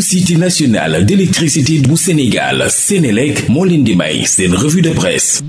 société nationale d'électricité bu Sénégal Sénélec moo leen di may seen revue de presse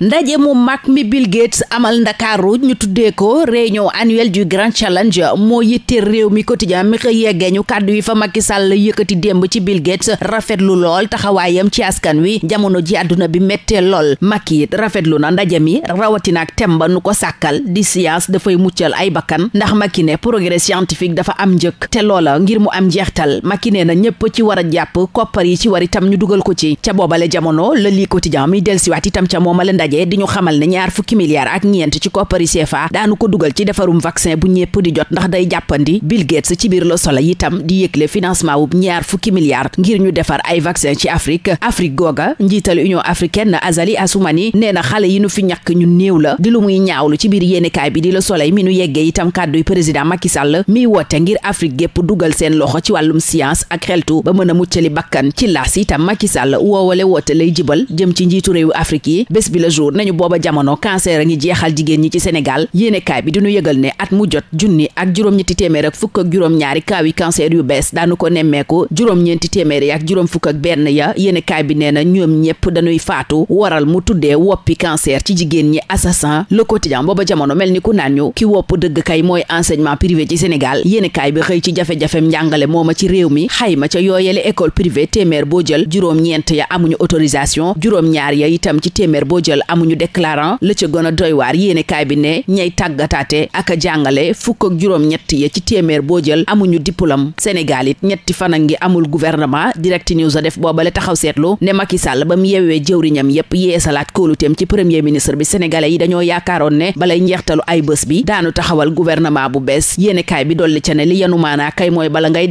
ndaje mu mag mi Bill Gates amal ndakaaru ñu tuddee ko réunion annuelle du grand challenge moo yitte réew mi quotidien mi xëy yeggee ñu kàddu yi fa Macky Sall yëkkati démb ci Bill Gates rafetlu lool taxawaayam ci askan wi jamono ji àdduna bi méttee lool Macky it rafetlu na ndaje mi rawatina ak thème ko sàkkal di science dafay muccal ay bakkan ndax Macky ne progrès scientifique dafa am njëkk te loola ngir mu am njeextal Macky nee na ñëpp ci war a jàpp koppar yi ci war itam ñu dugal ko ci ca boobale jamono la lii quotidien mi delsiwaat itam ca moomale ndaje di ñu xamal ne ñaar fukki milliards ak ñeent ci koppar yi CFA daanu ko dugal ci defarum vaccin bu ñëpp di jot ndax day jàppandi Bill Gates ci biir Le Soleil itam di yëgle financement wu ñaar fukki milliards ngir ñu defar ay vaccin ci Afrique Afrique googa njiital Union africaine Azali Assoumani nee na xale yi nu fi ñàkk ñu néew la di lu muy ñaawlu ci biir yéenekaay bi di Le Soleil mi nu yeggee itam kàdduy président Macky Sall mi woote ngir Afrique gépp dugal seen loxo ci wàllum science ak xeltu ba mën a muccali bakkan ci laas itam Macky Sall woowale woote lay jibal jëm ci njiitu réewu Afrique yi bés bi la jour nañu booba jamono cancer a ngi jeexal jigéen ñi ci Sénégal yéene kaay bi diñu yëgal ne at mu jot junni ak juróom-ñetti téeméer ak fukk ak juróom-ñaari kaawi cancer yu bees daanu ko nemmeeku juróom-ñeenti téeméer ak juróom fukk ak benn ya yéene kaay bi nee na ñoom ñépp dañuy faatu waral mu tuddee woppi cancer ci jigéen ñi assassin le quotidien booba jamono mel ni ku naan ñu ki wopp dëgg kay mooy enseignement privé ci Sénégal yéene kaay bi xëy ci jafe-jafe njàngale mooma ci réew mi xayma ca yooyele école privée téeméer boo jël juróom-ñeent ya amuñu autorisation juróom-ñaar ya itam ci téeméer boo jël amuñu déclarant la ca gën a doy waar bi ne ñay a jàngale fukk ak juróom-ñett ya boo jël amuñu diplôme Sénégal it ñetti fana ngi amul gouvernement direct news a def boobale taxaw seetlu ne Macky ba mu yeewee jëwriñam yépp yeesalaat kóoluteem ci premier ministre bi sénégalais yi dañoo yaakaaroon ne balay njeextalu ay bés bi daanu taxawal gouvernement bu bees yéenekaay bi dolli ca ne li yanu maanaa kay mooy bala ngay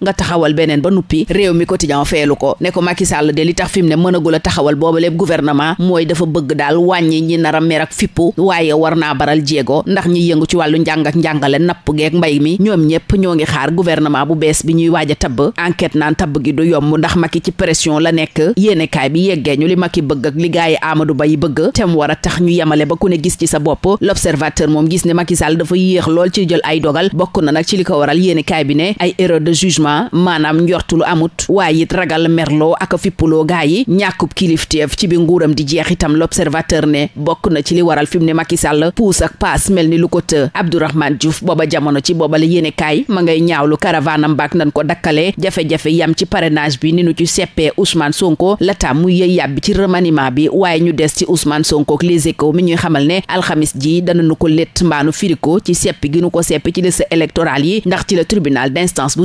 nga taxawal beneen ba nuppi réew mi quotidien feelu ko ne ko Macky Sall li tax fi mu ne mënagul a taxawal booba lépp gouvernement mooy dafa bëgg daal wàññi ñi nar a mer ak fippu waaye war naa baral jéego ndax ñi yëngu ci wàllu njàng ak napp geek mbay mi ñoom ñëpp ñoo ngi xaar gouvernement bu bees bi ñuy waaj a tabb enquête naan tabb gi du yomb ndax Macky ci pression la nekk yéenekaay bi yeggee ñu li Macky bëgg ak li gaay Amadou Ba yi bëgg tem war a tax ñu yemale ba ku gis ci sa bopp l'observateur moom gis ne Macky Sall dafa yéex lool ci jël ay dogal bokk na nag ci li ko waral yéenekaay bi ne ay erreur de jugement jugement maanaam njortulu amut waaye it ragal merloo ak fippuloo gaa yi ñàkkub kilifteef ci bi nguuram di jeex itam l'observateur ne bokk na ci li waral fi mu ne Macky Sall puus ak paas mel ni lu ko të Abdourahmane Diouf booba jamono ci booba la yéene ma ngay ñaawlu caravane am baak nan ko dakkale jafe-jafe yam ci parrainage bi ni nu ci seppee Ousmane Sonko la tam mu yëy yàbbi ci remaniement bi waaye ñu des ci Ousmane Sonko ak les mi ñuy xamal ne alxamis ji danañu ko létt mbaanu firiko ci seppi gi nu ko seppi ci liste électorale yi ndax ci la tribunal d'instance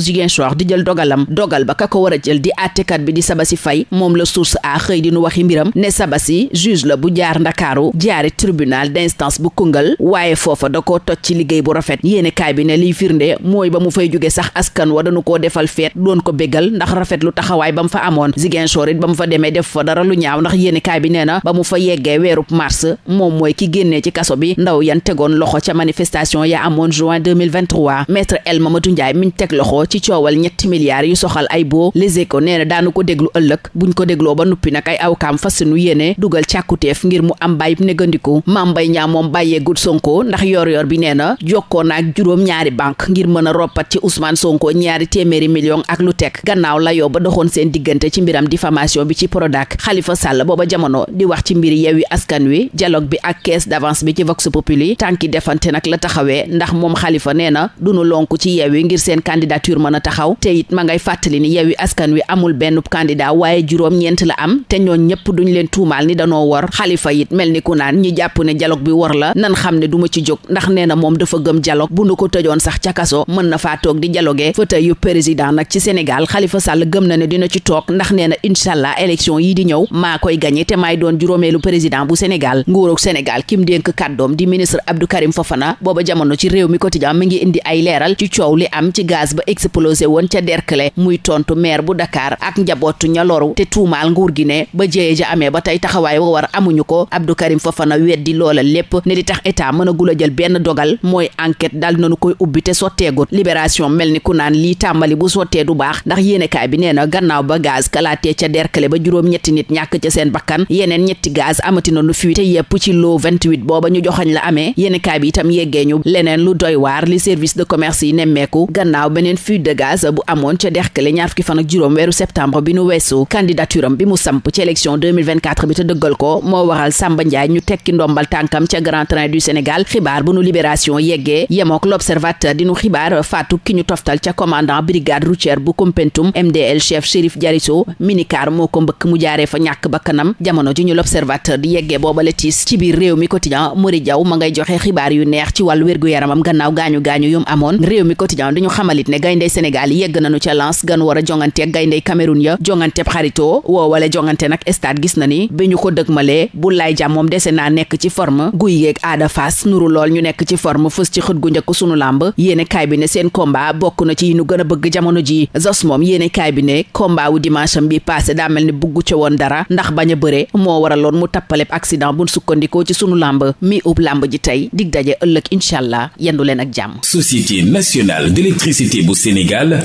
di jël dogalam dogal ba ka ko war a jël di àttekat bi di Sabasy Faye moom la source a xëy di nu waxi mbiram ne Sabasy juge la bu jaar ndakaaru jaari tribunal d'instance bu Koungheul waaye foofa da koo toj ci liggéey bu rafet yéene kaay bi ne liy firnde mooy ba mu fay jóge sax askan wa dañu koo defal feet doon ko béggal ndax rafet lu taxawaay ba mu fa amoon Ziguinchor it ba mu fa demee def fa dara lu ñaaw ndax yéene kaay bi nee na ba mu fa yeggee weerub mars moom mooy ki génnee ci kaso bi ndaw yan tegoon loxo ca manifestation ya amoon juin 2023 maître El Mamadou Ndiaye miñ teg loxo ci coowal ñetti milliards yu soxal ay boo Les Échos nee na daanu ko déglu ëllëg buñ ko dégloo ba nuppi nag ay awkaam fas nu yéene dugal càkkuteef ngir mu am bàyyib négandiku Mame Mbaye Niang moom bàyyee gut ndax yor yor bi nee na jokkoo naag juróom ñaari banque ngir mën a roppat ci Ousmane Sonko ñaari téeméeri million ak lu teg gannaaw la yoo ba doxoon seen diggante ci mbiram diffamation bi ci Prodac xalifa Sall booba jamono di wax ci mbiri yi Askan Wi dialogue bi ak caisse d'avance bi ci Vox Populi tànki defante nag la taxawee ndax moom Khalifa nee na dunu lonku ci Yewwi ngir seen candidature mën a taxaw taxaw te it ma ngay fàttali ni Yewwi Askan Wi amul benn candidat waaye juróom-ñeent la am te ñooñ ñëpp duñ leen tuumaal ni danoo war Xalifa it mel ni ku naan ñi jàpp ne dialogue bi war la nan xam ne duma ci jóg ndax nee na moom dafa gëm jaloog bu nu ko tëjoon sax ca kaso mën na faa toog di dialogue fauteuil yu président nag ci Sénégal Xalifa Sall gëm na ne dina ci toog ndax nee na incha allah élection yi di ñëw maa koy gagné te maay doon juróomeelu président bu Sénégal nguurug Sénégal kim dénk kàddoom di ministre Abdou Karim Fofana booba jamono ci réew mi quotidien mi ngi indi ay leeral ci coow li am ci gaz woon ca Derklé muy tontu maire bu Dakar ak njabootu ña loru te tuumaal nguur gi ne ba jëyee ja amee ba tey taxawaay wa war amuñu ko Abdou Karim Fofana weddi loola lépp ne di tax état mën a gula jël benn dogal mooy enquête dal nanu koy ubbi te sotteegut libération mel ni ku naan lii tàmbali bu sottee du baax ndax yéenekaay bi nee na gannaaw ba gaz kalaatee ca Derklé ba juróom ñetti nit ñàkk ca seen bakkan yeneen ñetti gaz amati na nu fii te yépp ci loo 28 booba ñu joxañ la amee yéenekaay bi itam yeggee ñu leneen lu doy waar li service de commerce yi nemmeeku gannaaw beneen fuite de course bu amoon ca Derklé ñaar fukki fan ak juróom weeru septembre bi nu weesu candidature am bi mu samp ci élection bi te dëggal ko moo waral Samba Ndiaye ñu tekki ndombal tànkam ca Grand Train du Sénégal xibaar bu nu libération yeggee yemook l'observateur di nu xibaar faatu ki ñu toftal ca commandant brigade routière bu Koumpentoum MDL chef Chérif Diarisso minicar moo ko mbëkk mu fa ñàkk bakkanam jamono ji ñu l'observateur di yeggee booba la ci biir réew yegg nañu ca lance gan war a jongante ak gayndey Cameroun ya jonganteb xaritoo woo wala jongante nag stade gis na ni bi ñu ko dëgmalee bu lay jàm moom dese naa nekk ci forme guy yeeg aada fas nuru lool ñu nekk ci forme fës ci xët gu njëkk sunu làmb yéene kaay bi ne seen combat bokk na ci yi ñu gën a bëgg jamono ji zos moom yéene kaay bi ne combat wu dimanche am bi passé daa mel ni bugg ca woon dara ndax bañ a bëre moo waraloon mu tappaleb accident buñ sukkandikoo ci sunu làmb mi ub làmb ji tey dig daje ëllëg incha allah yendu leen ak jàmm bu Sénégal